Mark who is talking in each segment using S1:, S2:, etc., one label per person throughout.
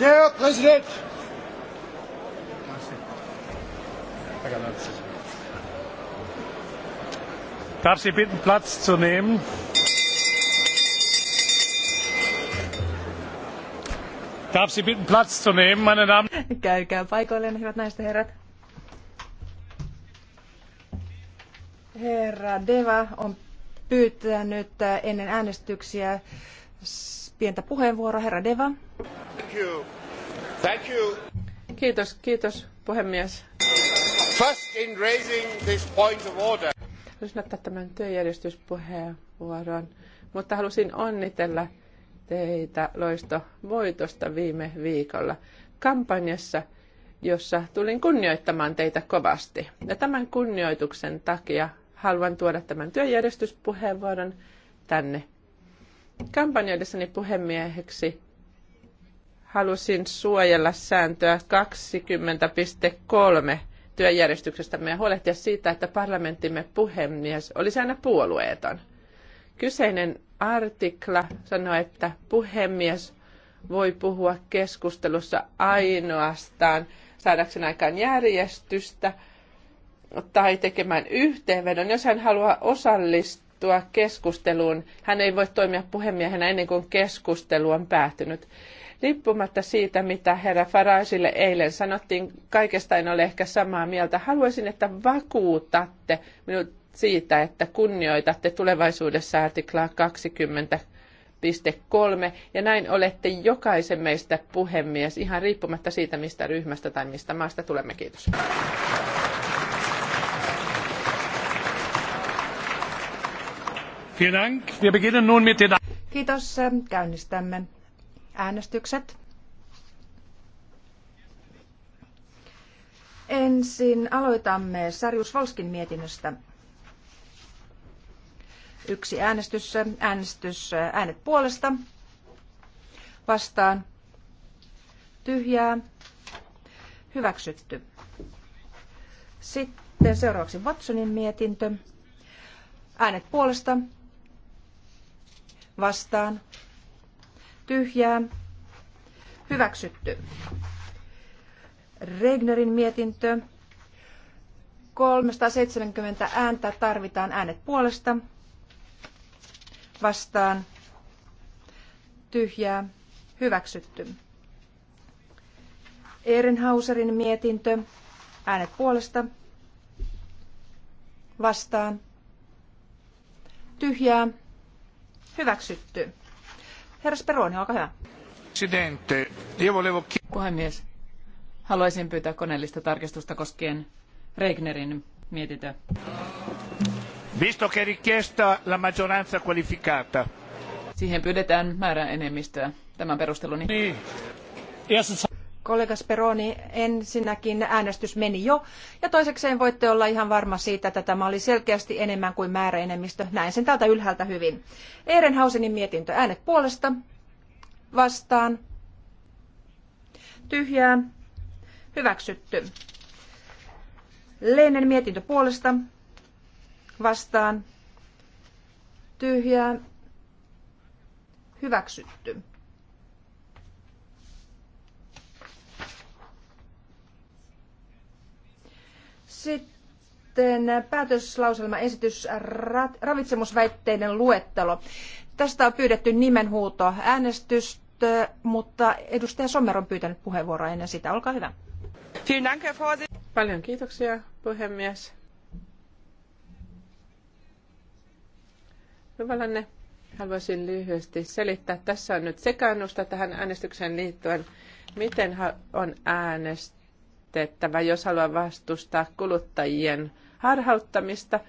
S1: Der Präsident!
S2: Darf Sie bitten, Platz zu nehmen? Darf Sie bitten, Platz zu nehmen, meine Damen?
S1: Käykää paikoilleen, hyvät naiset ja herrat. Herra Deva on pyytänyt äh, ennen äänestyksiä pientä puheenvuoroa. Herra Deva
S3: you. Thank you.
S1: Kiitos, kiitos puhemies.
S3: First in raising this point of order. Haluaisin ottaa tämän työjärjestyspuheenvuoron, mutta halusin onnitella teitä loisto voitosta viime viikolla kampanjassa, jossa tulin kunnioittamaan teitä kovasti. Ja tämän kunnioituksen takia haluan tuoda tämän työjärjestyspuheenvuoron tänne. Kampanjoidessani puhemieheksi halusin suojella sääntöä 20.3 työjärjestyksestämme ja huolehtia siitä, että parlamenttimme puhemies olisi aina puolueeton. Kyseinen artikla sanoo, että puhemies voi puhua keskustelussa ainoastaan saadakseen aikaan järjestystä tai tekemään yhteenvedon. Jos hän haluaa osallistua keskusteluun, hän ei voi toimia puhemiehenä ennen kuin keskustelu on päättynyt. Riippumatta siitä, mitä herra Farageille eilen sanottiin, kaikesta en ole ehkä samaa mieltä. Haluaisin, että vakuutatte minut siitä, että kunnioitatte tulevaisuudessa artiklaa 20 kolme ja näin olette jokaisen meistä puhemies, ihan riippumatta siitä, mistä ryhmästä tai mistä maasta tulemme. Kiitos.
S1: Kiitos. Käynnistämme äänestykset. Ensin aloitamme Sarjus Volskin mietinnöstä. Yksi äänestys, äänestys, äänet puolesta. Vastaan. Tyhjää. Hyväksytty. Sitten seuraavaksi Watsonin mietintö. Äänet puolesta. Vastaan tyhjää, hyväksytty. Regnerin mietintö. 370 ääntä tarvitaan äänet puolesta. Vastaan. Tyhjää. Hyväksytty. Ehrenhauserin mietintö. Äänet puolesta. Vastaan. Tyhjää. Hyväksytty. Herra Speroni, olkaa hyvä.
S2: Puhemies, haluaisin pyytää koneellista tarkistusta koskien Regnerin mietintöä.
S3: Visto che richiesta la maggioranza qualificata.
S2: Siihen pyydetään määräenemmistöä. Tämän perusteluni. Niin
S1: kollega Speroni, ensinnäkin äänestys meni jo. Ja toisekseen voitte olla ihan varma siitä, että tämä oli selkeästi enemmän kuin määräenemmistö. Näen sen täältä ylhäältä hyvin. Ehrenhausenin mietintö. Äänet puolesta. Vastaan. Tyhjää. Hyväksytty. Leinen mietintö puolesta. Vastaan. Tyhjää. Hyväksytty. Sitten päätöslauselmaesitys ravitsemusväitteiden luettelo. Tästä on pyydetty nimenhuuto äänestystä, mutta edustaja Sommer on pyytänyt puheenvuoroa ennen sitä. Olkaa hyvä. Paljon kiitoksia, puhemies.
S3: Hyvällänne. No, haluaisin lyhyesti selittää. Tässä on nyt sekannusta tähän äänestykseen liittyen, miten on äänestetty vältettävä, jos haluaa vastustaa kuluttajien harhauttamista.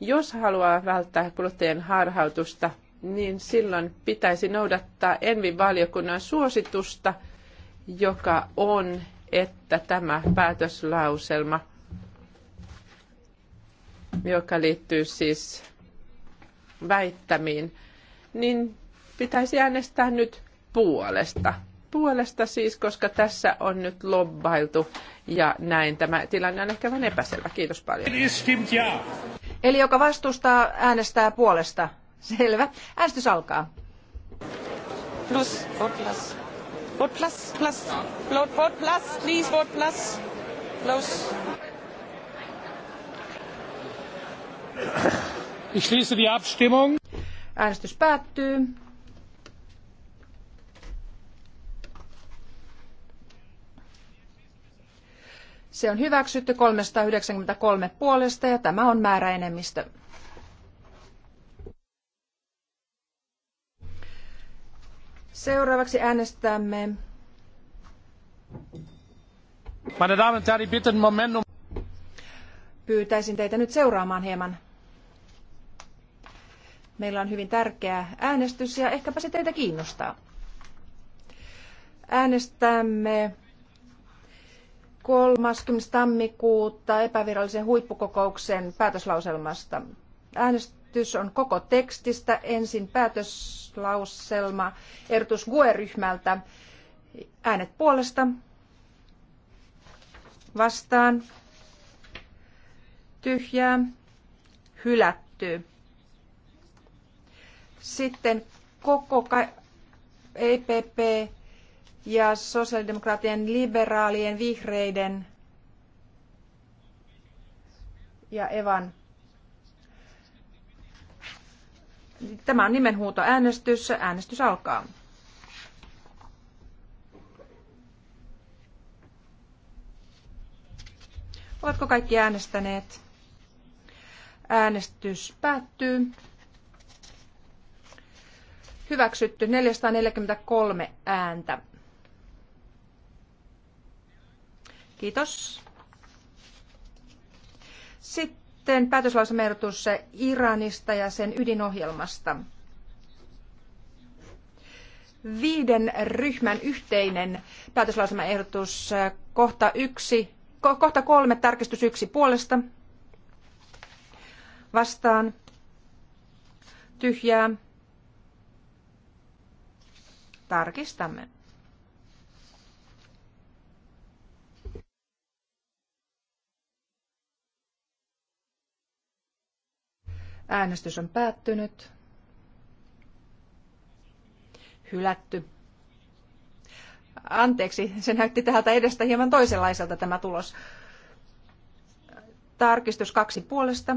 S3: Jos haluaa välttää kuluttajien harhautusta, niin silloin pitäisi noudattaa Envi-valiokunnan suositusta, joka on, että tämä päätöslauselma, joka liittyy siis väittämiin, niin pitäisi äänestää nyt puolesta puolesta siis, koska tässä on nyt lobbailtu ja näin tämä
S1: tilanne on ehkä vähän epäselvä. Kiitos paljon. Eli joka vastustaa, äänestää puolesta. Selvä. Äänestys alkaa. Plus, vote plus. Vote plus, plus. Vote, vote plus, please vote plus. Plus. Ich schließe die Abstimmung. Äänestys päättyy. Se on hyväksytty 393 puolesta ja tämä on määräenemmistö. Seuraavaksi äänestämme.
S2: Meine Damen und Herren, bitte einen
S1: um- Pyytäisin teitä nyt seuraamaan hieman. Meillä on hyvin tärkeä äänestys ja ehkäpä se teitä kiinnostaa. Äänestämme 30. tammikuuta epävirallisen huippukokouksen päätöslauselmasta. Äänestys on koko tekstistä. Ensin päätöslauselma Ertus GUE-ryhmältä. Äänet puolesta. Vastaan. Tyhjää. Hylätty. Sitten koko EPP ja sosiaalidemokraattien, liberaalien, vihreiden ja Evan. Tämä on nimenhuuto äänestys. Äänestys alkaa. Ovatko kaikki äänestäneet? Äänestys päättyy. Hyväksytty 443 ääntä. Kiitos. Sitten päätöslausumertus Iranista ja sen ydinohjelmasta. Viiden ryhmän yhteinen päätöslausumaehdotus kohta, yksi, kohta kolme tarkistus yksi puolesta. Vastaan. Tyhjää. Tarkistamme. Äänestys on päättynyt. Hylätty. Anteeksi, se näytti täältä edestä hieman toisenlaiselta tämä tulos. Tarkistus kaksi puolesta.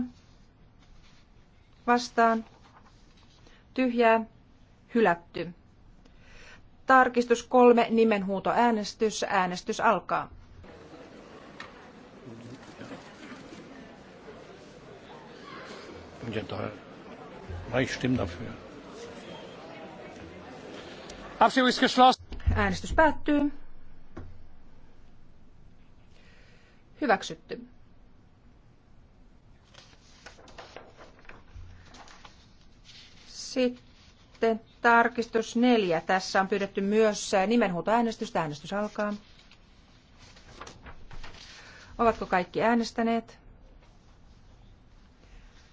S1: Vastaan. Tyhjää. Hylätty. Tarkistus kolme, nimenhuutoäänestys. Äänestys alkaa.
S2: mich enthalten. Ich stimme dafür.
S1: Abstimmung ist geschlossen. Äänestys päättyy. Hyväksytty. Sitten tarkistus neljä. Tässä on pyydetty myös nimenhuutoäänestystä. Äänestys alkaa. Ovatko kaikki äänestäneet?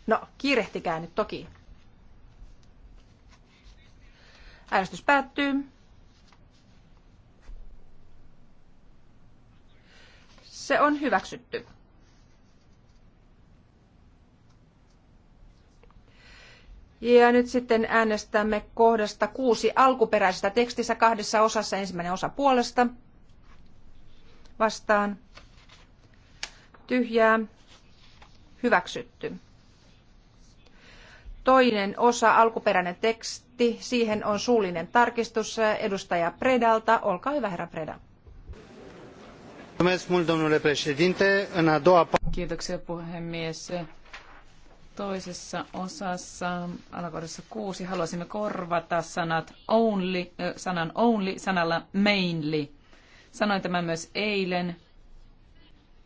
S1: No, kiirehtikää nyt toki. Äänestys päättyy. Se on hyväksytty. Ja nyt sitten äänestämme kohdasta kuusi alkuperäisestä tekstissä kahdessa osassa. Ensimmäinen osa puolesta. Vastaan. Tyhjää. Hyväksytty toinen osa, alkuperäinen teksti, siihen on suullinen tarkistus edustaja Predalta. Olkaa hyvä, herra Preda.
S2: Kiitoksia puhemies. Toisessa osassa, alakohdassa kuusi, haluaisimme korvata sanat only, äh, sanan only sanalla mainly. Sanoin tämän myös eilen.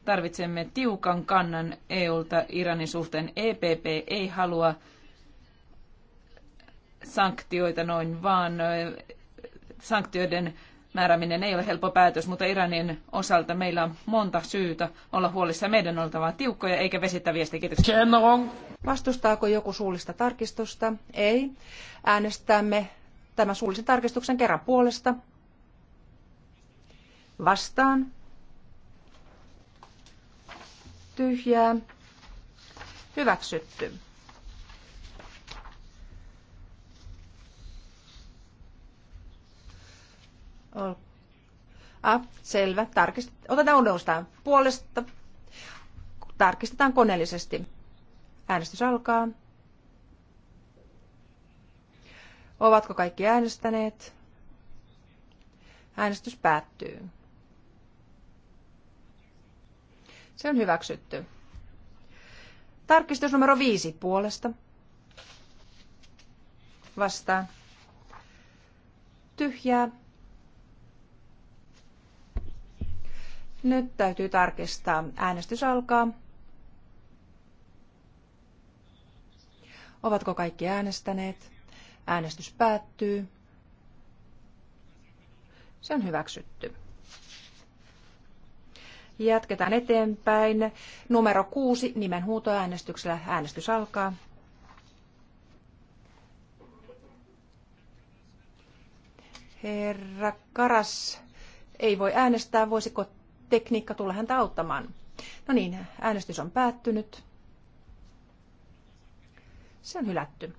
S2: Tarvitsemme tiukan kannan EUlta Iranin suhteen. EPP ei halua sanktioita noin vaan. Sanktioiden määräminen ei ole helppo päätös, mutta Iranin osalta meillä on monta syytä olla huolissa. Meidän on oltava tiukkoja eikä vesittäviä sitä. Kiitoksia.
S1: Vastustaako joku suullista tarkistusta? Ei. Äänestämme tämän suullisen tarkistuksen kerran puolesta. Vastaan. Tyhjää.
S3: Hyväksytty.
S1: ah, selvä. Tarkist- Otetaan uudestaan puolesta. Tarkistetaan koneellisesti. Äänestys alkaa. Ovatko kaikki äänestäneet? Äänestys päättyy. Se on hyväksytty. Tarkistus numero viisi puolesta. Vastaan. Tyhjää. Nyt täytyy tarkistaa. Äänestys alkaa. Ovatko kaikki äänestäneet? Äänestys päättyy. Se on hyväksytty. Jatketaan eteenpäin. Numero kuusi nimen huutoäänestyksellä. Äänestys alkaa. Herra Karas ei voi äänestää. Voisiko tekniikka tulee häntä auttamaan. No niin, äänestys on päättynyt. Se on hylätty.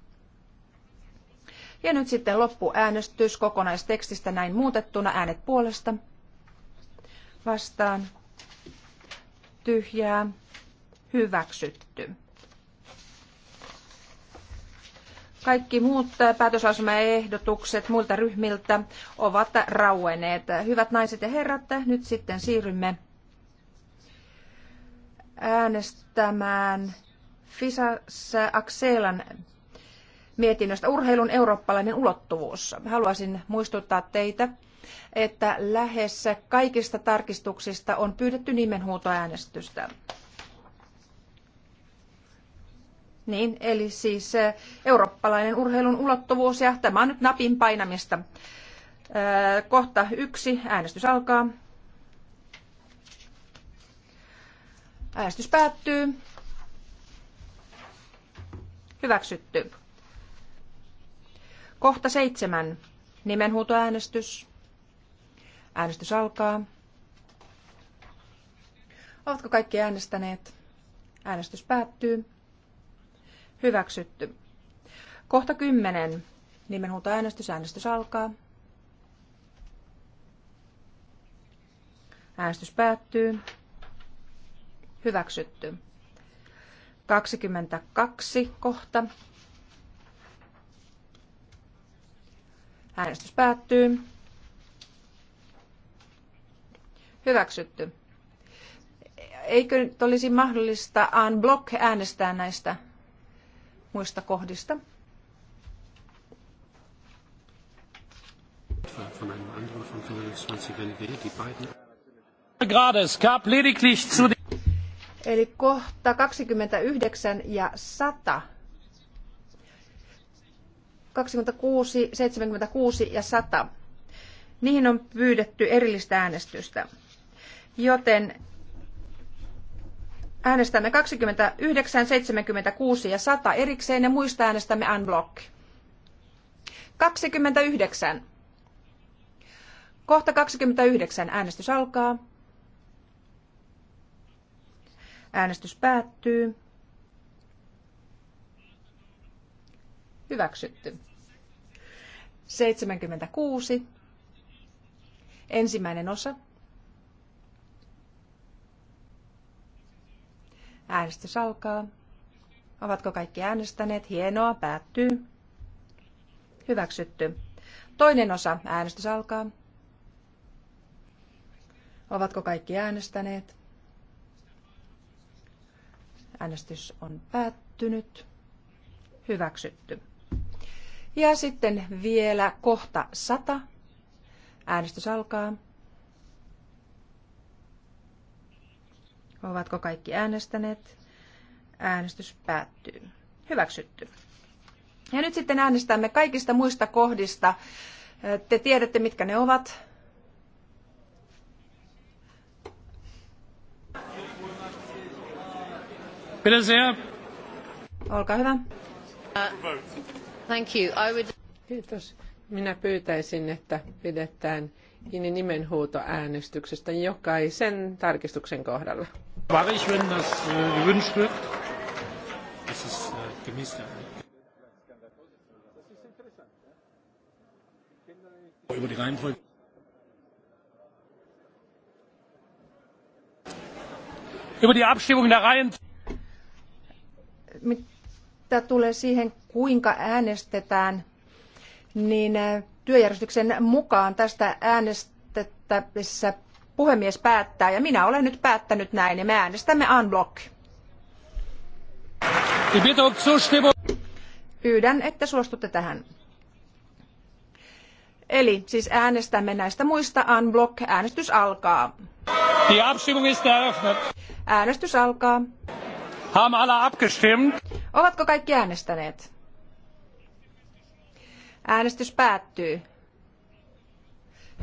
S1: Ja nyt sitten loppuäänestys kokonaistekstistä näin muutettuna. Äänet puolesta. Vastaan. Tyhjää. Hyväksytty. Kaikki muut päätösasemaehdotukset muilta ryhmiltä ovat rauenneet. Hyvät naiset ja herrat, nyt sitten siirrymme äänestämään fisa Akselan mietinnöstä urheilun eurooppalainen ulottuvuus. Haluaisin muistuttaa teitä, että lähes kaikista tarkistuksista on pyydetty nimenhuutoäänestystä. Niin, eli siis eh, eurooppalainen urheilun ulottuvuus ja tämä on nyt napin painamista. Eh, kohta yksi, äänestys alkaa. Äänestys päättyy. Hyväksytty. Kohta seitsemän, nimenhuutoäänestys. Äänestys alkaa. Ovatko kaikki äänestäneet? Äänestys päättyy. Hyväksytty. Kohta 10. Nimenhuuto äänestys. Äänestys alkaa. Äänestys päättyy. Hyväksytty. 22 kohta. Äänestys päättyy. Hyväksytty. Eikö nyt olisi mahdollista unblock äänestää näistä muista kohdista. Eli kohta 29 ja 100. 26, 76 ja 100. Niihin on pyydetty erillistä äänestystä. Joten Äänestämme 29, 76 ja 100 erikseen ja muista äänestämme unblock. 29. Kohta 29. Äänestys alkaa. Äänestys päättyy. Hyväksytty. 76. Ensimmäinen osa. Äänestys alkaa. Ovatko kaikki äänestäneet? Hienoa, päättyy. Hyväksytty. Toinen osa. Äänestys alkaa. Ovatko kaikki äänestäneet? Äänestys on päättynyt. Hyväksytty. Ja sitten vielä kohta 100. Äänestys alkaa. Ovatko kaikki äänestäneet? Äänestys päättyy. Hyväksytty. Ja nyt sitten äänestämme kaikista muista kohdista. Te tiedätte, mitkä ne ovat. Olkaa hyvä.
S2: Uh,
S3: thank you. I would... Kiitos. Minä pyytäisin, että pidetään kiinni äänestyksestä jokaisen tarkistuksen kohdalla.
S2: War ich, wenn das äh, gewünscht wird? Das ist äh, gemäß der
S1: über die Reihenfolge. Über die
S2: Abstimmung der Reihen.
S1: Mitä tulee siihen, kuinka äänestetään, niin äh, työjärjestyksen mukaan tästä äänestettävissä puhemies päättää ja minä olen nyt päättänyt näin ja me äänestämme unblock. Pyydän, että suostutte tähän. Eli siis äänestämme näistä muista bloc. Äänestys alkaa. Die Abstimmung ist eröffnet. Äänestys alkaa.
S2: Haben alle abgestimmt?
S1: Ovatko kaikki äänestäneet? Äänestys päättyy.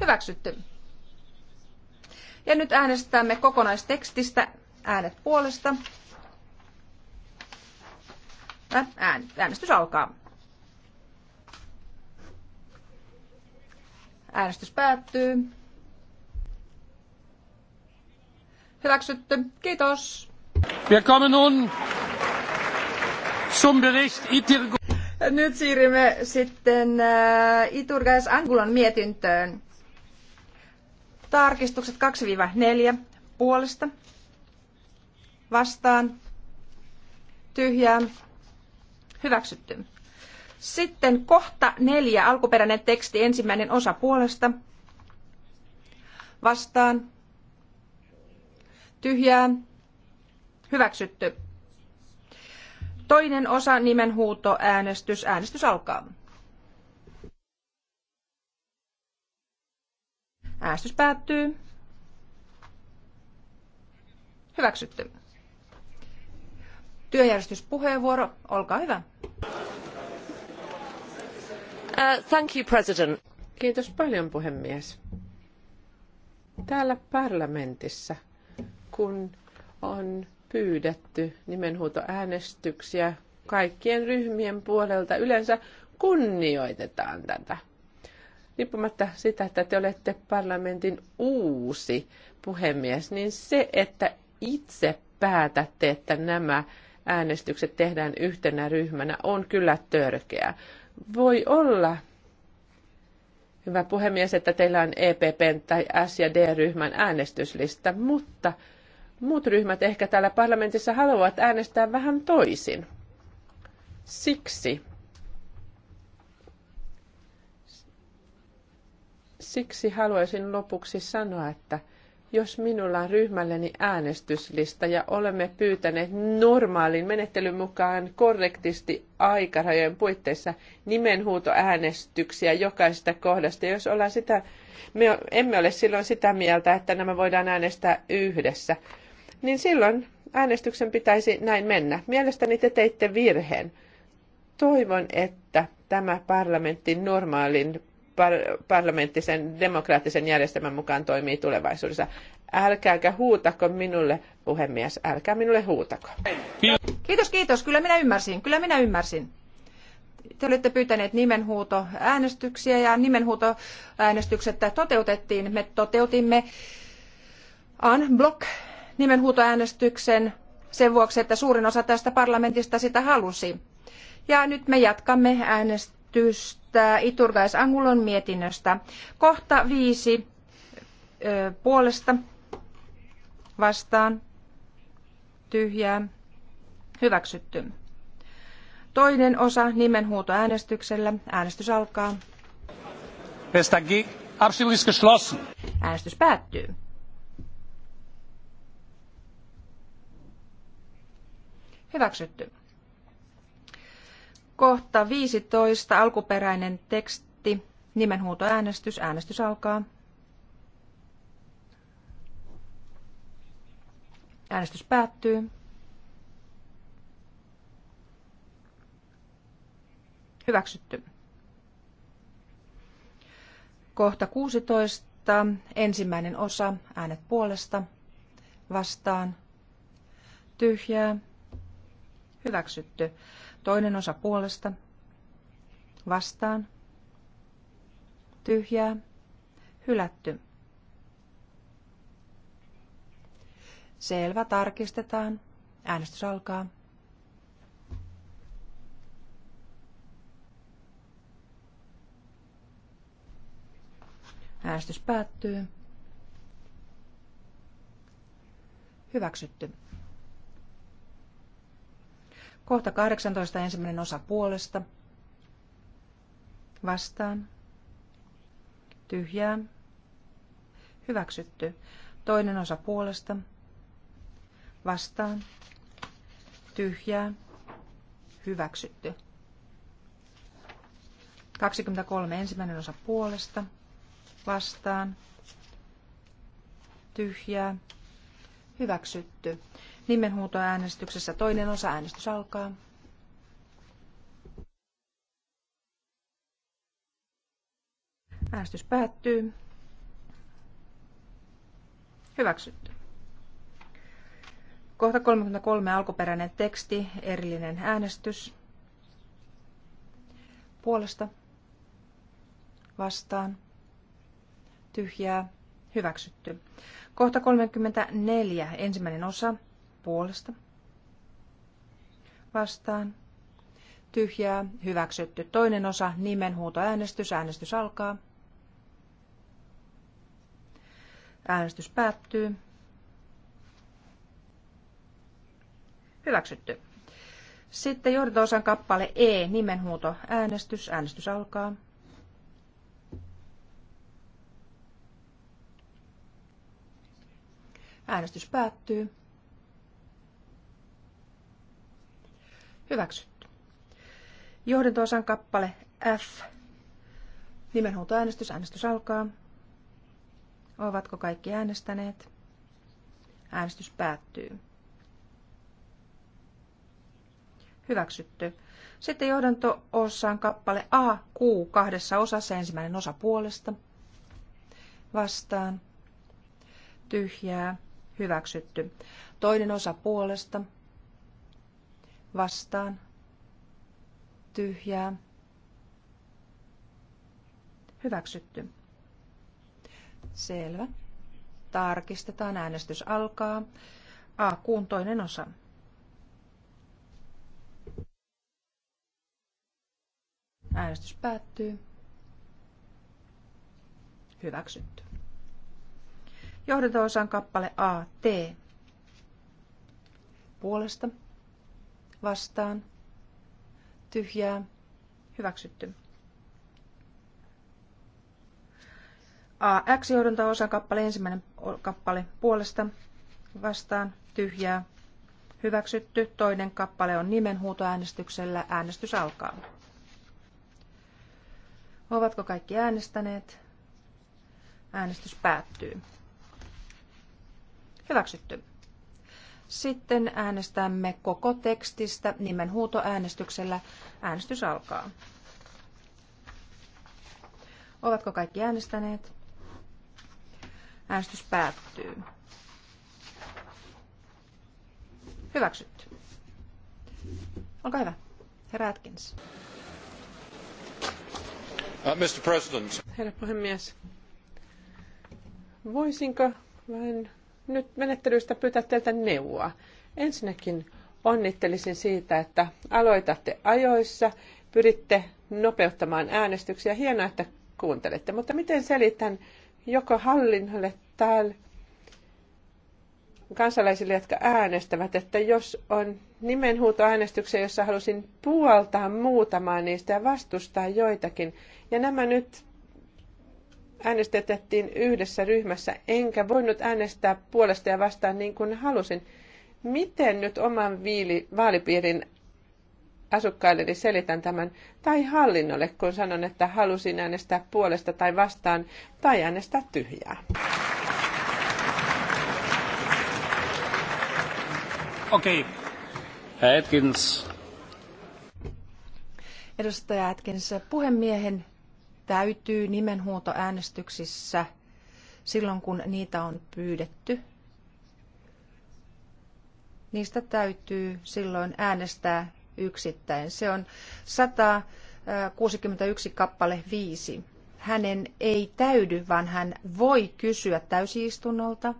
S1: Hyväksytty. Ja nyt äänestämme kokonaistekstistä äänet puolesta. Äänestys alkaa. Äänestys päättyy. Hyväksytty. Kiitos. Wir kommen nun zum Bericht Nyt siirrymme sitten äh, Iturgais Angulan mietintöön. Tarkistukset 2-4 puolesta vastaan tyhjää hyväksytty. Sitten kohta neljä, alkuperäinen teksti, ensimmäinen osa puolesta. Vastaan. Tyhjää. Hyväksytty. Toinen osa nimenhuuto, äänestys. Äänestys alkaa. Äänestys päättyy. Hyväksytty. Työjärjestyspuheenvuoro, olkaa hyvä. Uh, thank you, President. Kiitos paljon, puhemies.
S3: Täällä parlamentissa, kun on pyydetty nimenhuutoäänestyksiä kaikkien ryhmien puolelta, yleensä kunnioitetaan tätä riippumatta sitä, että te olette parlamentin uusi puhemies, niin se, että itse päätätte, että nämä äänestykset tehdään yhtenä ryhmänä, on kyllä törkeää. Voi olla, hyvä puhemies, että teillä on EPP tai S- ja D-ryhmän äänestyslista, mutta muut ryhmät ehkä täällä parlamentissa haluavat äänestää vähän toisin. Siksi Siksi haluaisin lopuksi sanoa, että jos minulla on ryhmälleni äänestyslista ja olemme pyytäneet normaalin menettelyn mukaan korrektisti aikarajojen puitteissa nimenhuutoäänestyksiä jokaisesta kohdasta, jos ollaan sitä, me emme ole silloin sitä mieltä, että nämä voidaan äänestää yhdessä, niin silloin äänestyksen pitäisi näin mennä. Mielestäni te teitte virheen. Toivon, että tämä parlamentin normaalin par- parlamenttisen demokraattisen järjestelmän mukaan toimii tulevaisuudessa. Älkääkä huutako minulle, puhemies, älkää
S1: minulle huutako. Kiitos, kiitos. Kyllä minä ymmärsin, kyllä minä ymmärsin. Te olette pyytäneet nimenhuutoäänestyksiä ja nimenhuutoäänestykset toteutettiin. Me toteutimme unblock block nimenhuutoäänestyksen sen vuoksi, että suurin osa tästä parlamentista sitä halusi. Ja nyt me jatkamme äänestyksiä esitystä Iturgais Angulon mietinnöstä. Kohta viisi ö, puolesta vastaan tyhjää hyväksytty. Toinen osa nimenhuutoäänestyksellä. Äänestys alkaa. Äänestys päättyy. Hyväksytty. Kohta 15, alkuperäinen teksti, nimenhuutoäänestys, äänestys alkaa. Äänestys päättyy. Hyväksytty. Kohta 16. Ensimmäinen osa. Äänet puolesta. Vastaan. Tyhjää. Hyväksytty. Toinen osa puolesta. Vastaan. Tyhjää. Hylätty. Selvä, tarkistetaan. Äänestys alkaa. Äänestys päättyy. Hyväksytty. Kohta 18 ensimmäinen osa puolesta. Vastaan. Tyhjää. Hyväksytty. Toinen osa puolesta. Vastaan. Tyhjää. Hyväksytty. 23 ensimmäinen osa puolesta. Vastaan. Tyhjää. Hyväksytty. Nimenhuutoäänestyksessä toinen osa äänestys alkaa. Äänestys päättyy. Hyväksytty. Kohta 33 alkuperäinen teksti, erillinen äänestys. Puolesta. Vastaan. Tyhjää. Hyväksytty. Kohta 34, ensimmäinen osa puolesta. Vastaan. Tyhjää. Hyväksytty. Toinen osa. Nimenhuutoäänestys. Äänestys alkaa. Äänestys päättyy. Hyväksytty. Sitten johdanto-osan kappale E, nimenhuuto, äänestys. Äänestys alkaa. Äänestys päättyy. Hyväksytty. Johdantoosan kappale F. Nimenhuutoäänestys. Äänestys alkaa. Ovatko kaikki äänestäneet? Äänestys päättyy. Hyväksytty. Sitten johdanto-osaan kappale A Q, kahdessa osassa ensimmäinen osa puolesta. Vastaan. Tyhjää. Hyväksytty. Toinen osa puolesta vastaan, tyhjää, hyväksytty. Selvä. Tarkistetaan, äänestys alkaa. A, kuun toinen osa. Äänestys päättyy. Hyväksytty. Johdanto-osan kappale A, T. Puolesta vastaan, tyhjää, hyväksytty. AX johdonta osa kappale, ensimmäinen kappale puolesta, vastaan, tyhjää, hyväksytty. Toinen kappale on äänestyksellä äänestys alkaa. Ovatko kaikki äänestäneet? Äänestys päättyy. Hyväksytty. Sitten äänestämme koko tekstistä nimen huutoäänestyksellä. Äänestys alkaa. Ovatko kaikki äänestäneet? Äänestys päättyy. Hyväksytty. Olkaa hyvä. Herra Atkins.
S3: Uh, Mr. President. Herra puhemies, voisinko vähän nyt menettelystä pyytää teiltä neuvoa. Ensinnäkin onnittelisin siitä, että aloitatte ajoissa, pyritte nopeuttamaan äänestyksiä. Hienoa, että kuuntelette. Mutta miten selitän joko hallinnolle täällä kansalaisille, jotka äänestävät, että jos on äänestykseen, jossa halusin puoltaa muutamaa niistä ja vastustaa joitakin, ja nämä nyt Äänestettiin yhdessä ryhmässä, enkä voinut äänestää puolesta ja vastaan niin kuin halusin. Miten nyt oman viili, vaalipiirin asukkailleni selitän tämän, tai hallinnolle, kun sanon, että halusin äänestää puolesta tai vastaan, tai äänestää tyhjää?
S2: Okei. Okay. Atkins.
S1: Edustaja Atkins, puhemiehen täytyy nimenhuutoäänestyksissä silloin, kun niitä on pyydetty. Niistä täytyy silloin äänestää yksittäin. Se on 161 kappale 5. Hänen ei täydy, vaan hän voi kysyä täysistunnolta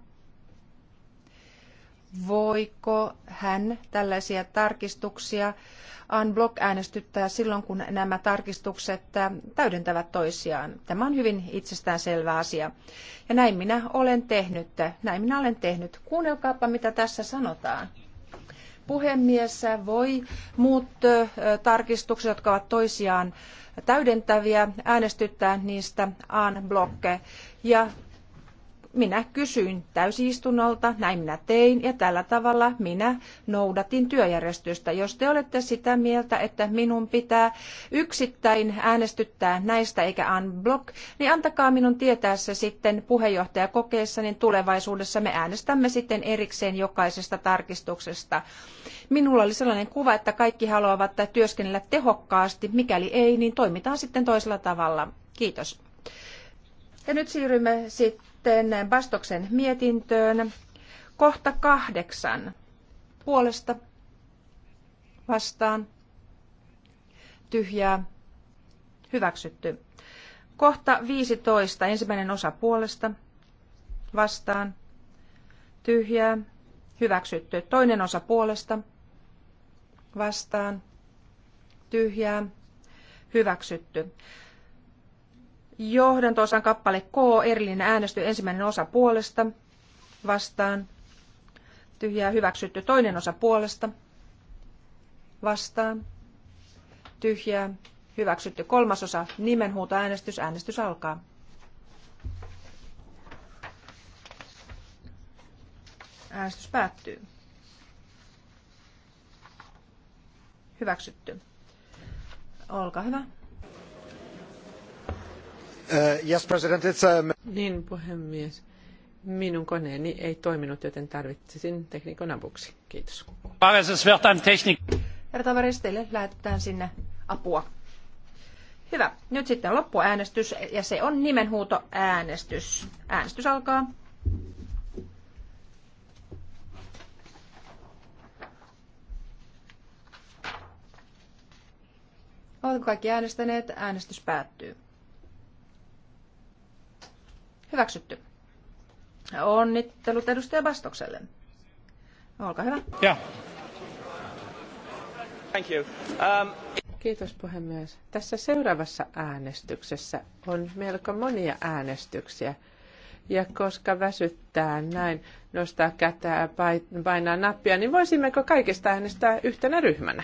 S1: voiko hän tällaisia tarkistuksia unblock äänestyttää silloin, kun nämä tarkistukset täydentävät toisiaan. Tämä on hyvin itsestäänselvä asia. Ja näin minä olen tehnyt. Näin minä olen tehnyt. Kuunnelkaapa, mitä tässä sanotaan. Puhemies voi muut tarkistukset, jotka ovat toisiaan täydentäviä, äänestyttää niistä unblock. Ja minä kysyin täysistunnolta, näin minä tein ja tällä tavalla minä noudatin työjärjestystä. Jos te olette sitä mieltä, että minun pitää yksittäin äänestyttää näistä eikä unblock, niin antakaa minun tietää se sitten puheenjohtajakokeessa, niin tulevaisuudessa me äänestämme sitten erikseen jokaisesta tarkistuksesta. Minulla oli sellainen kuva, että kaikki haluavat työskennellä tehokkaasti, mikäli ei, niin toimitaan sitten toisella tavalla. Kiitos. Ja nyt siirrymme sitten sitten Bastoksen mietintöön. Kohta kahdeksan. Puolesta vastaan. Tyhjää. Hyväksytty. Kohta 15. Ensimmäinen osa puolesta. Vastaan. Tyhjää. Hyväksytty. Toinen osa puolesta. Vastaan. Tyhjää. Hyväksytty. Johdantoosan kappale K, erillinen äänestö ensimmäinen osa puolesta, vastaan, tyhjää hyväksytty, toinen osa puolesta, vastaan, tyhjää hyväksytty, kolmas osa, äänestys, äänestys alkaa. Äänestys päättyy. Hyväksytty. Olkaa hyvä. Uh, um,
S3: niin, puhemies. Minun koneeni ei toiminut, joten tarvitsisin teknikon avuksi. Kiitos.
S1: Herra toveris, teille lähetetään sinne apua. Hyvä. Nyt sitten loppuäänestys, ja se on nimenhuutoäänestys. Äänestys alkaa. Oletko kaikki äänestäneet? Äänestys päättyy. Hyväksytty. Onnittelut edustaja Bastokselle. Olkaa hyvä. Yeah.
S3: Thank you. Um...
S1: Kiitos puhemies. Tässä
S3: seuraavassa äänestyksessä on melko monia äänestyksiä. Ja koska väsyttää näin, nostaa ja painaa nappia, niin voisimmeko
S1: kaikista äänestää yhtenä ryhmänä?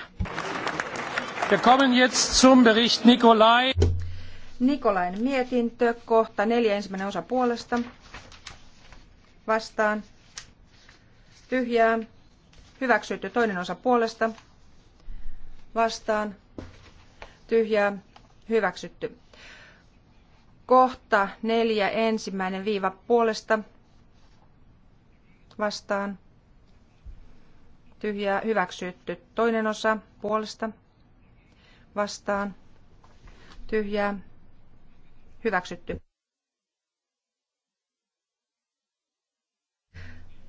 S2: Wir kommen jetzt zum Bericht Nikolai.
S1: Nikolain mietintö, kohta neljä ensimmäinen osa puolesta. Vastaan. Tyhjää. Hyväksytty toinen osa puolesta. Vastaan. Tyhjää. Hyväksytty. Kohta neljä ensimmäinen viiva puolesta. Vastaan. Tyhjää. Hyväksytty toinen osa puolesta. Vastaan. Tyhjää Hyväksytty.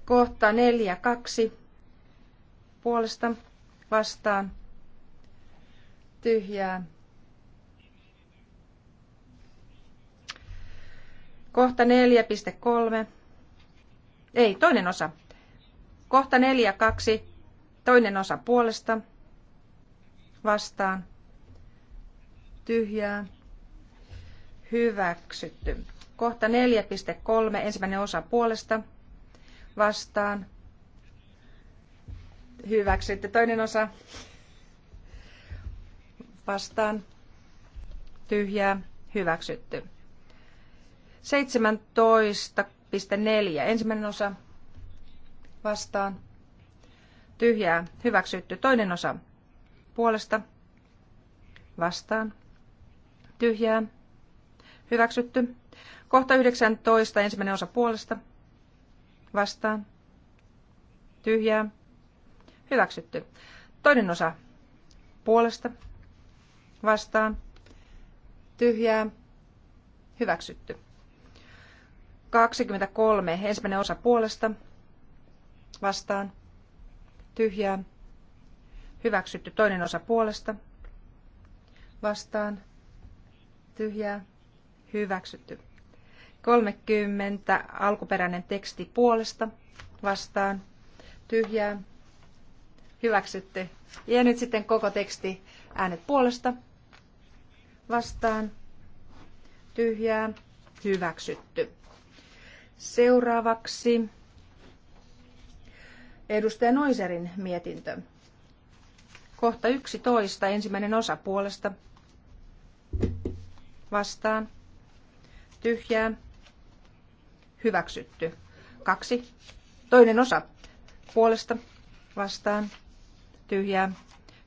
S1: Kohta 4.2. Puolesta vastaan. Tyhjää. Kohta 4.3. Ei, toinen osa. Kohta 4.2. Toinen osa puolesta. Vastaan. Tyhjää hyväksytty. Kohta 4.3. Ensimmäinen osa puolesta vastaan. Hyväksytty. Toinen osa vastaan. Tyhjää. Hyväksytty. 17.4. Ensimmäinen osa vastaan. Tyhjää. Hyväksytty. Toinen osa puolesta vastaan. Tyhjää Hyväksytty. Kohta 19. Ensimmäinen osa puolesta. Vastaan. Tyhjää. Hyväksytty. Toinen osa puolesta. Vastaan. Tyhjää. Hyväksytty. 23. Ensimmäinen osa puolesta. Vastaan. Tyhjää. Hyväksytty. Toinen osa puolesta. Vastaan. Tyhjää Hyväksytty. 30. Alkuperäinen teksti puolesta vastaan. Tyhjää. Hyväksytty. Ja nyt sitten koko teksti äänet puolesta vastaan. Tyhjää. Hyväksytty. Seuraavaksi edustaja Noiserin mietintö. Kohta 11, ensimmäinen osa puolesta. Vastaan tyhjää, hyväksytty. Kaksi, toinen osa puolesta vastaan, tyhjää,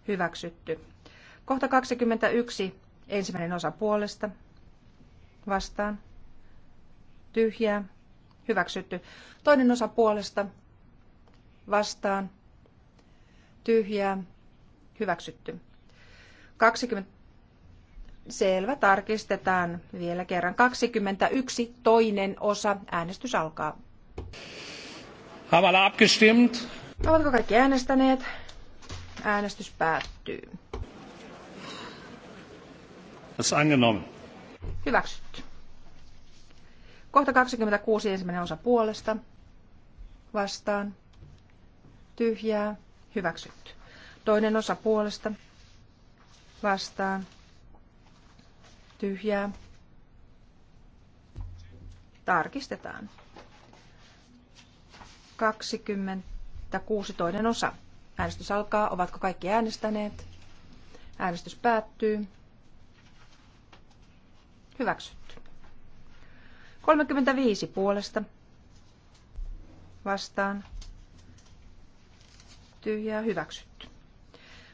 S1: hyväksytty. Kohta 21, ensimmäinen osa puolesta vastaan, tyhjää, hyväksytty. Toinen osa puolesta vastaan, tyhjää, hyväksytty. 20, Selvä, tarkistetaan vielä kerran. 21, toinen osa. Äänestys alkaa.
S2: Haben abgestimmt?
S1: Ovatko kaikki äänestäneet? Äänestys päättyy.
S2: Das angenommen.
S1: Hyväksytty. Kohta 26 ensimmäinen osa puolesta. Vastaan. Tyhjää. Hyväksytty. Toinen osa puolesta. Vastaan tyhjää. Tarkistetaan. 26 toinen osa. Äänestys alkaa. Ovatko kaikki äänestäneet? Äänestys päättyy. Hyväksytty. 35 puolesta. Vastaan. Tyhjää. Hyväksytty.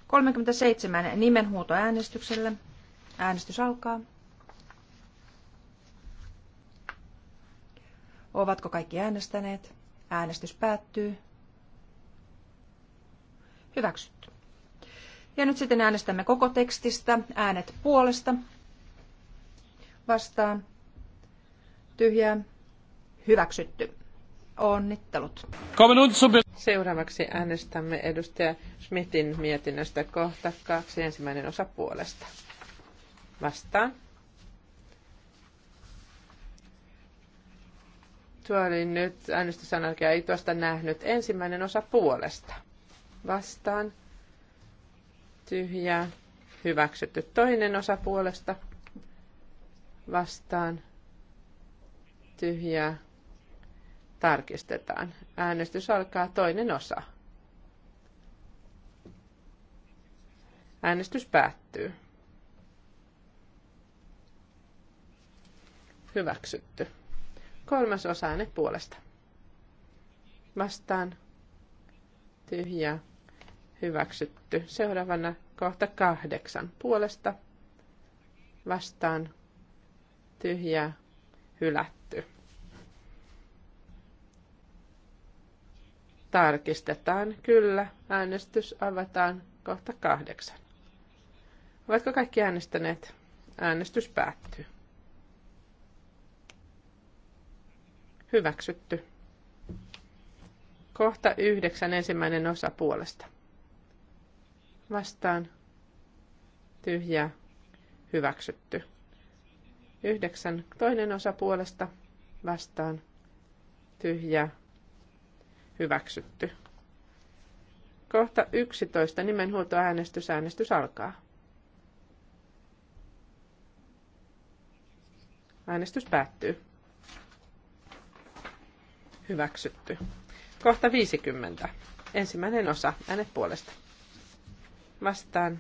S1: 37 äänestykselle. Äänestys alkaa. Ovatko kaikki äänestäneet? Äänestys päättyy. Hyväksytty. Ja nyt sitten äänestämme koko tekstistä. Äänet puolesta. Vastaan. Tyhjää. Hyväksytty. Onnittelut.
S3: Seuraavaksi äänestämme edustaja Smithin mietinnöstä kohta kaksi ensimmäinen osa puolesta. Vastaan. Tuolin nyt äänestysanarkia, ei tuosta nähnyt. Ensimmäinen osa puolesta. Vastaan. Tyhjää. Hyväksytty. Toinen osa puolesta. Vastaan. Tyhjää. Tarkistetaan. Äänestys alkaa toinen osa. Äänestys päättyy. Hyväksytty. Kolmas osa äänet puolesta. Vastaan. tyhjä Hyväksytty. Seuraavana kohta kahdeksan puolesta. Vastaan. tyhjä Hylätty. Tarkistetaan. Kyllä. Äänestys avataan kohta kahdeksan. Ovatko kaikki äänestäneet? Äänestys päättyy. Hyväksytty. Kohta yhdeksän ensimmäinen osa puolesta. Vastaan. Tyhjää. Hyväksytty. Yhdeksän toinen osa puolesta. Vastaan. Tyhjää. Hyväksytty. Kohta 11. Nimenhuoltoäänestys. Äänestys alkaa. Äänestys päättyy. Hyväksytty. Kohta 50. Ensimmäinen osa. Äänet puolesta. Vastaan.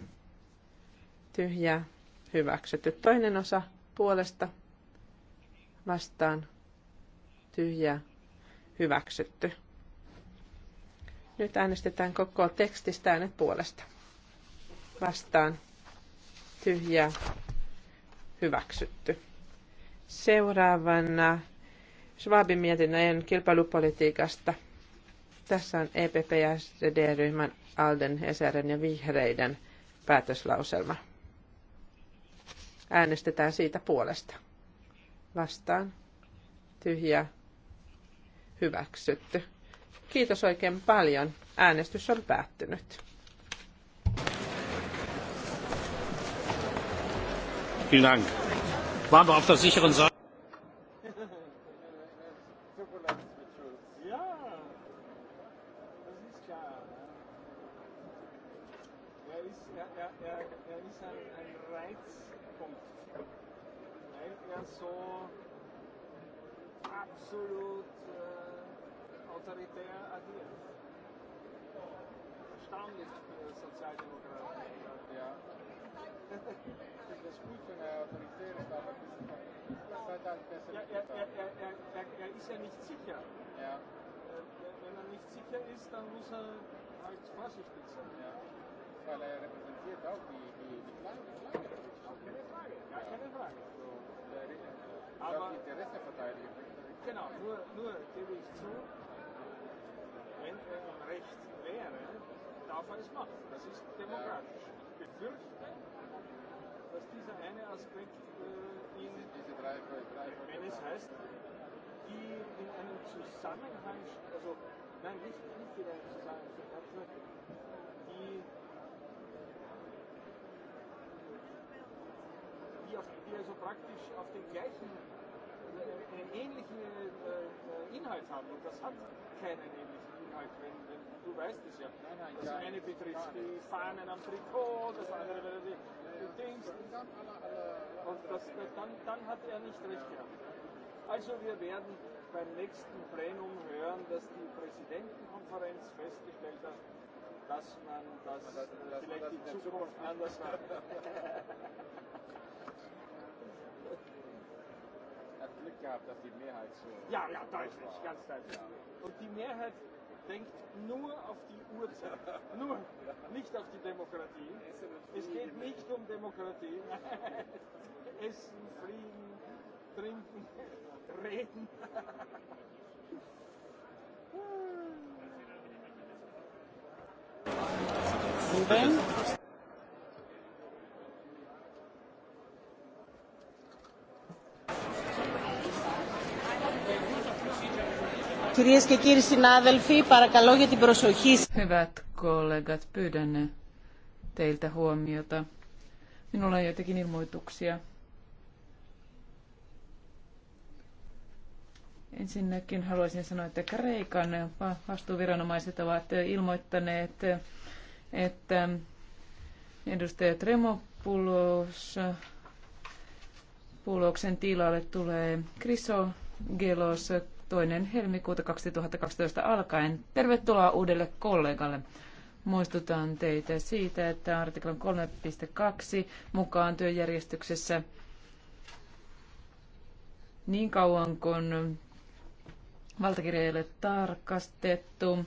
S3: tyhjä Hyväksytty. Toinen osa. Puolesta. Vastaan. tyhjä Hyväksytty. Nyt äänestetään koko tekstistä äänet puolesta. Vastaan. tyhjä Hyväksytty. Seuraavana Schwabin mietinnön kilpailupolitiikasta. Tässä on EPP ja SD-ryhmän Alden, Eseren ja Vihreiden päätöslauselma. Äänestetään siitä puolesta. Vastaan. Tyhjä. Hyväksytty. Kiitos oikein paljon. Äänestys on päättynyt.
S2: Vielen Dank. Waren wir auf der sicheren Seite? Aber Interesse verteidigen. Genau, nur, nur gebe ich zu, wenn er im Recht wäre, darf er es machen. Das ist demokratisch. Ich befürchte, dass dieser eine Aspekt äh, in, diese drei, drei, drei, wenn es heißt, die in einem Zusammenhang, also nein, nicht, nicht in einem Zusammenhang, die die, auf, die also praktisch auf den gleichen, also äh, einen ähnlichen äh, äh, Inhalt haben. Und das hat keinen ähnlichen Inhalt, wenn, wenn du weißt es ja. Nein, nein, das ja, eine betrifft die Fahnen am Trikot, das andere ja, die, die Dings. Und das, dann, dann hat er nicht recht gehabt. Also wir werden beim nächsten Plenum hören, dass die Präsidentenkonferenz festgestellt hat, dass man das, das, äh, das vielleicht das in Zukunft anders macht.
S3: Glück gehabt, dass die Mehrheit so Ja, ja, deutlich, war. ganz deutlich.
S1: Und die Mehrheit denkt nur auf die Uhrzeit, nur,
S2: nicht auf die Demokratie. es geht nicht um Demokratie. Essen, Frieden, Trinken, Reden. Rubén. Κυρίες και κύριοι συνάδελφοι, παρακαλώ για την προσοχή σας. Hyvät kollegat, pyydän teiltä huomiota. Minulla on joitakin ilmoituksia. Ensinnäkin haluaisin sanoa, että Kreikan vastuuviranomaiset ovat ilmoittaneet, että edustaja Tremopoulos Puuloksen tilalle tulee Kriso Gelos toinen helmikuuta 2012 alkaen. Tervetuloa uudelle kollegalle. Muistutan teitä siitä, että artiklan 3.2 mukaan työjärjestyksessä niin kauan kuin ole tarkastettu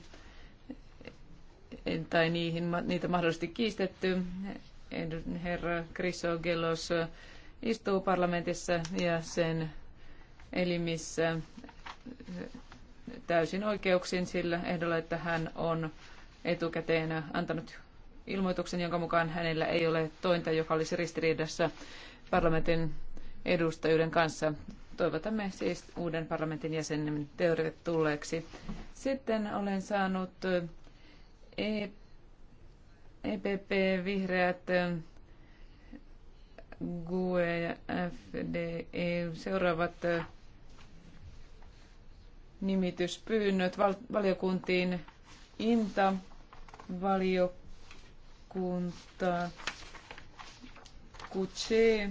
S2: tai niihin, niitä mahdollisesti kiistetty, herra Gelos istuu parlamentissa ja sen elimissä täysin oikeuksin sillä ehdolla, että hän on etukäteen antanut ilmoituksen, jonka mukaan hänellä ei ole tointa, joka olisi ristiriidassa parlamentin edustajuuden kanssa. Toivotamme siis uuden parlamentin jäsenen tulleeksi. Sitten olen saanut EPP, eh, e Vihreät, GUE ja FDE seuraavat eh, nimityspyynnöt val- valiokuntiin Inta valiokunta kutsi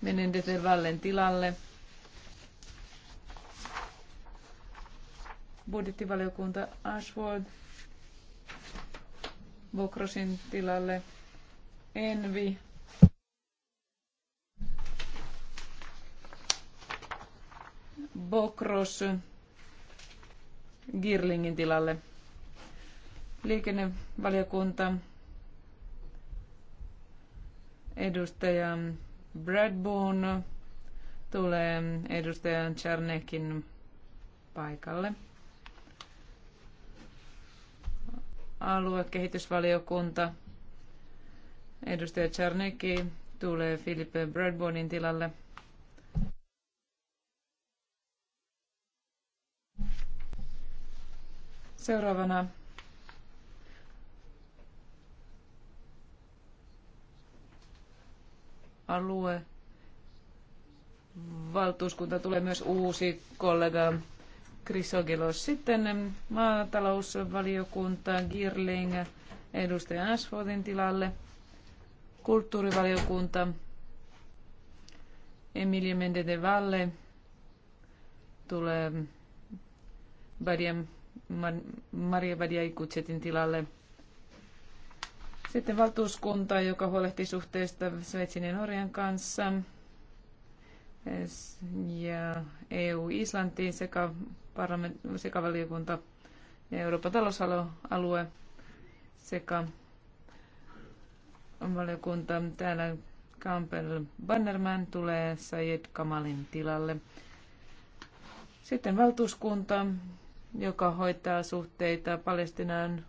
S2: Menendez Vallen tilalle. Budjettivaliokunta Ashford Bokrosin tilalle. Envi Bokros Girlingin tilalle. Liikennevaliokunta edustaja Bradbourne tulee edustajan Czarnekin paikalle. Aluekehitysvaliokunta. Edustaja Czarnecki tulee Philippe Bradbournin tilalle. Seuraavana alue valtuuskunta tulee myös uusi kollega Chrysogelos. Sitten maatalousvaliokunta Girling edustaja Ashfordin tilalle. Kulttuurivaliokunta Emilia Mendete Valle tulee Badiam Maria Vadia Ikutsetin tilalle. Sitten valtuuskunta, joka huolehtii suhteesta Sveitsin ja Norjan kanssa. Ja EU-Islantiin sekä, parlament- sekä valiokunta ja Euroopan talousalue sekä valiokunta. Täällä Campbell Bannerman tulee Sayed Kamalin tilalle. Sitten valtuuskunta, joka hoitaa suhteita Palestinaan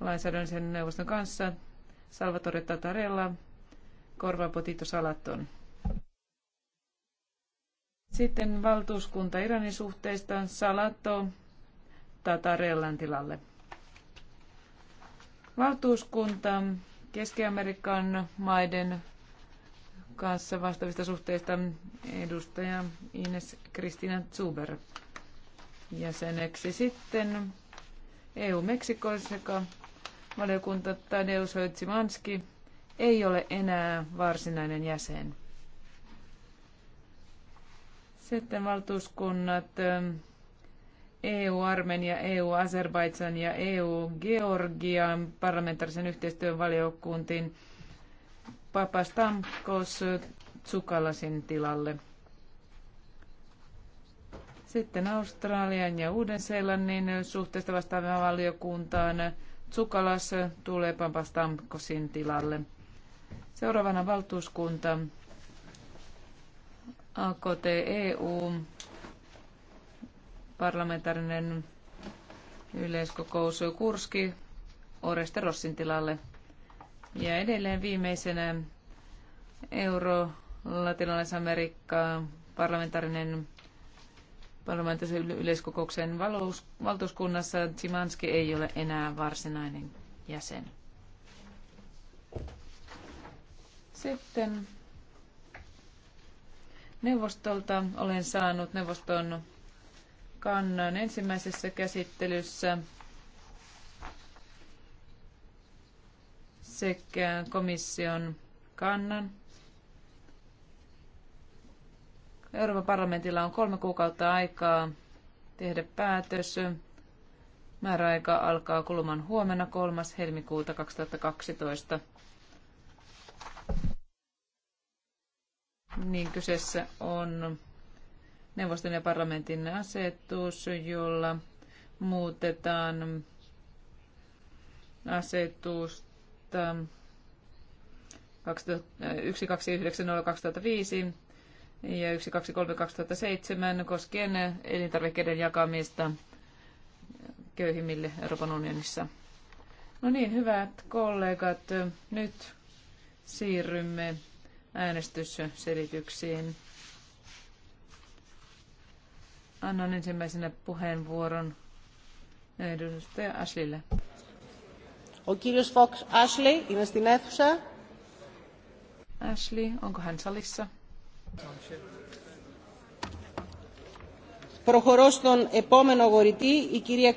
S2: lainsäädännöllisen neuvoston kanssa. Salvatore Tatarella, Potito Salaton. Sitten valtuuskunta Iranin suhteista Salato Tatarellan tilalle. Valtuuskunta Keski-Amerikan maiden kanssa vastaavista suhteista edustaja Ines Kristina Zuber jäseneksi. Sitten EU-Meksiko sekä valiokunta Tadeusz Hoitsimanski ei ole enää varsinainen jäsen. Sitten valtuuskunnat EU-Armenia, eu azerbaidžan ja EU-Georgian parlamentaarisen yhteistyön valiokuntiin Papastamkos Tsukalasin tilalle. Sitten Australian ja Uuden-Seelannin suhteesta vastaavaan valiokuntaan Tsukalas tulee Pampastamkosin tilalle. Seuraavana valtuuskunta AKT EU parlamentaarinen yleiskokous Kurski Oreste Rossin tilalle. Ja edelleen viimeisenä Euro Latinalais-Amerikka parlamentaarinen parlamentissa yleiskokouksen valtuuskunnassa Tsimanski ei ole enää varsinainen jäsen. Sitten neuvostolta olen saanut neuvoston kannan ensimmäisessä käsittelyssä sekä komission kannan Euroopan parlamentilla on kolme kuukautta aikaa tehdä päätös. Määräaika alkaa kuluman huomenna 3. helmikuuta 2012. Niin kyseessä on neuvoston ja parlamentin asetus, jolla muutetaan asetusta 1290 2005 ja 1.2.3.2007 koskien elintarvikkeiden jakamista köyhimmille Euroopan unionissa. No niin, hyvät kollegat, nyt siirrymme äänestysselityksiin. Annan ensimmäisenä puheenvuoron edustaja Ashleylle. O kirjus Fox Ashley είναι Ashley, onko hän salissa? Προχωρώ στον επόμενο αγορητή, η κυρία